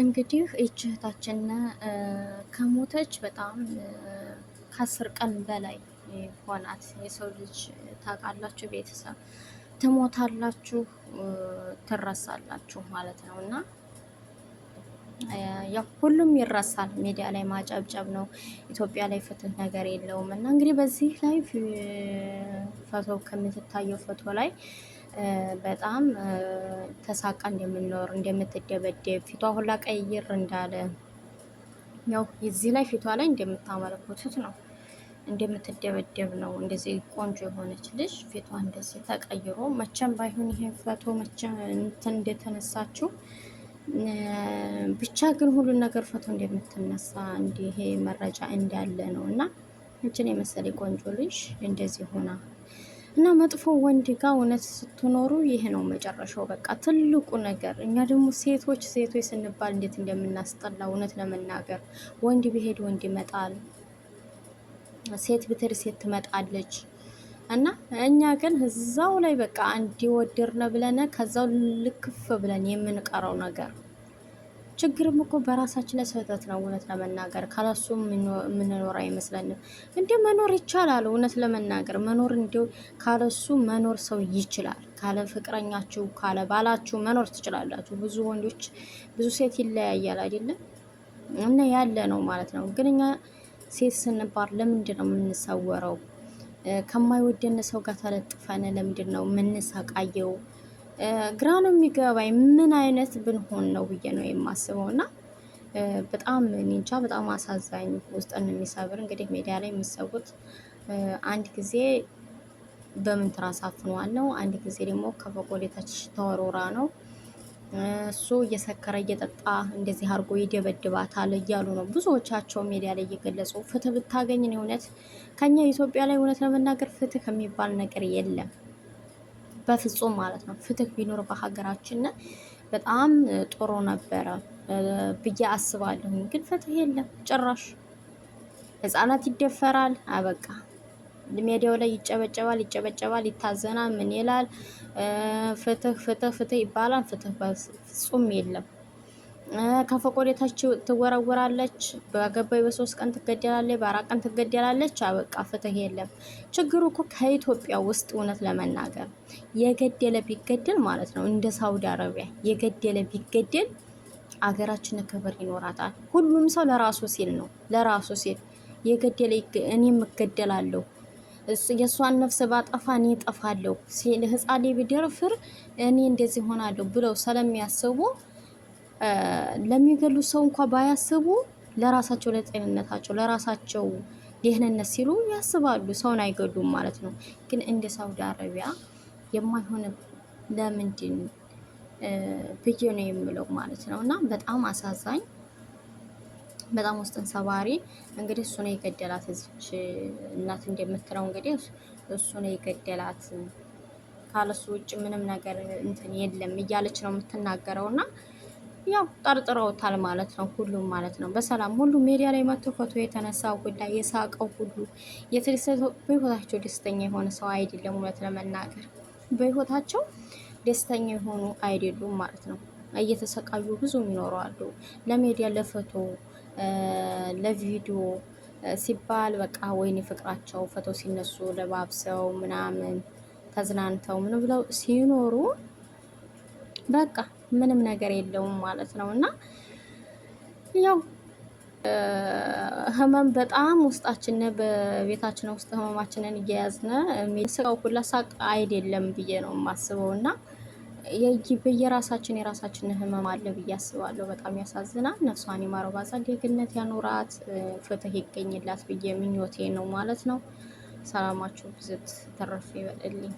እንግዲህ ይህች እህታችን ከሞተች በጣም ከአስር ቀን በላይ ሆናት። የሰው ልጅ ታውቃላችሁ፣ ቤተሰብ ትሞታላችሁ፣ ትረሳላችሁ ማለት ነው እና ያው ሁሉም ይረሳል። ሚዲያ ላይ ማጨብጨብ ነው። ኢትዮጵያ ላይ ፍትህ ነገር የለውም እና እንግዲህ በዚህ ላይ ፎቶ ከምትታየው ፎቶ ላይ በጣም ተሳቃ እንደምኖር እንደምትደበደብ ፊቷ ሁላ ቀይር እንዳለ ያው የዚህ ላይ ፊቷ ላይ እንደምታመለክቱት ነው እንደምትደበደብ ነው። እንደዚህ ቆንጆ የሆነች ልጅ ፊቷ እንደዚህ ተቀይሮ መቼም ባይሆን ይሄ ፈቶ መቼም እንትን እንደተነሳችው ብቻ ግን ሁሉን ነገር ፈቶ እንደምትነሳ እንዲሄ መረጃ እንዳለ ነው እና እችን የመሰለ ቆንጆ ልጅ እንደዚህ ሆና እና መጥፎ ወንድ ጋር እውነት ስትኖሩ ይህ ነው መጨረሻው። በቃ ትልቁ ነገር እኛ ደግሞ ሴቶች ሴቶች ስንባል እንዴት እንደምናስጠላ እውነት ለመናገር ወንድ ቢሄድ ወንድ ይመጣል፣ ሴት ብትር ሴት ትመጣለች። እና እኛ ግን እዛው ላይ በቃ ነው ብለን ከዛው ልክፍ ብለን የምንቀረው ነገር ችግርም እኮ በራሳችን ስህተት ነው። እውነት ለመናገር ካላሱ የምንኖር አይመስለንም። እንዲሁ መኖር ይቻላል። እውነት ለመናገር መኖር እንዲሁ ካለሱ መኖር ሰው ይችላል። ካለ ፍቅረኛችሁ ካለ ባላችሁ መኖር ትችላላችሁ። ብዙ ወንዶች ብዙ ሴት ይለያያል አይደለም እና ያለ ነው ማለት ነው። ግን እኛ ሴት ስንባር ለምንድን ነው የምንሰወረው? ከማይወደን ሰው ጋር ተለጥፈን ለምንድን ነው የምንሰቃየው? ግራ ነው የሚገባኝ። ምን አይነት ብንሆን ነው ብዬ ነው የማስበው እና በጣም ኒንቻ በጣም አሳዛኝ ውስጥን የሚሰብር እንግዲህ ሜዲያ ላይ የሚሰቡት አንድ ጊዜ በምን ትራስ ነው፣ አንድ ጊዜ ደግሞ ከፎቅ ተወሮራ ነው። እሱ እየሰከረ እየጠጣ እንደዚህ አድርጎ ይደበድባታል እያሉ ነው ብዙዎቻቸው ሜዲያ ላይ እየገለጹ። ፍትህ ብታገኝ እውነት ከኛ ኢትዮጵያ ላይ እውነት ለመናገር ፍትህ ከሚባል ነገር የለም። በፍጹም ማለት ነው። ፍትህ ቢኖር በሀገራችን በጣም ጥሩ ነበረ ብዬ አስባለሁ። ግን ፍትህ የለም ጭራሽ። ህፃናት ይደፈራል፣ አበቃ ሜዲያው ላይ ይጨበጨባል፣ ይጨበጨባል፣ ይታዘናል፣ ምን ይላል? ፍትህ ፍትህ ፍትህ ይባላል። ፍትህ በፍጹም የለም። ከፎቅ ወደ ታች ትወረወራለች። በገባይ በሶስት ቀን ትገደላለች፣ በአራት ቀን ትገደላለች። አበቃ ፍትህ የለም። ችግሩ እኮ ከኢትዮጵያ ውስጥ እውነት ለመናገር የገደለ ቢገደል ማለት ነው እንደ ሳውዲ አረቢያ የገደለ ቢገደል አገራችን ክብር ይኖራታል። ሁሉም ሰው ለራሱ ሲል ነው ለራሱ ሲል የገደለ እኔም እገደላለሁ የእሷን ነፍስ ባጠፋ እኔ እጠፋለሁ፣ ህፃሌ ቢደርፍር እኔ እንደዚህ ሆናለሁ ብለው ስለሚያስቡ ለሚገሉት ሰው እንኳ ባያስቡ ለራሳቸው ለጤንነታቸው ለራሳቸው ደህንነት ሲሉ ያስባሉ። ሰውን አይገሉም ማለት ነው። ግን እንደ ሳውዲ አረቢያ የማይሆን ለምንድን ብዬ ነው የምለው ማለት ነው። እና በጣም አሳዛኝ በጣም ውስጥን ሰባሪ እንግዲህ እሱ ነው የገደላት። እዚች እናት እንደምትለው እንግዲህ እሱ ነው የገደላት ካለሱ ውጭ ምንም ነገር እንትን የለም እያለች ነው የምትናገረው እና ያው ጠርጥረውታል ማለት ነው። ሁሉም ማለት ነው በሰላም ሁሉ ሜዲያ ላይ መጥቶ ፎቶ የተነሳው ጉዳይ የሳቀው ሁሉ የተደሰተው በህይወታቸው ደስተኛ የሆነ ሰው አይደለም። እውነት ለመናገር በህይወታቸው ደስተኛ የሆኑ አይደሉም ማለት ነው። እየተሰቃዩ ብዙ ይኖረዋሉ። ለሜዲያ ለፎቶ ለቪዲዮ ሲባል በቃ ወይኔ ፍቅራቸው ፎቶ ሲነሱ ለባብሰው ምናምን ተዝናንተው ምን ብለው ሲኖሩ በቃ ምንም ነገር የለውም ማለት ነው እና ያው ህመም በጣም ውስጣችን በቤታችን ውስጥ ህመማችንን እየያዝነ ሚስቃው ሁላ ሳቅ አይደለም ብዬ ነው የማስበው እና በየራሳችን የራሳችን ህመም አለ ብዬ አስባለሁ። በጣም ያሳዝናል። ነፍሷን የማረው ባዛል ያኖራት ፍትህ ይገኝላት ብዬ ምኞቴ ነው ማለት ነው። ሰላማችሁ ብዝት ተረፍ ይበልልኝ።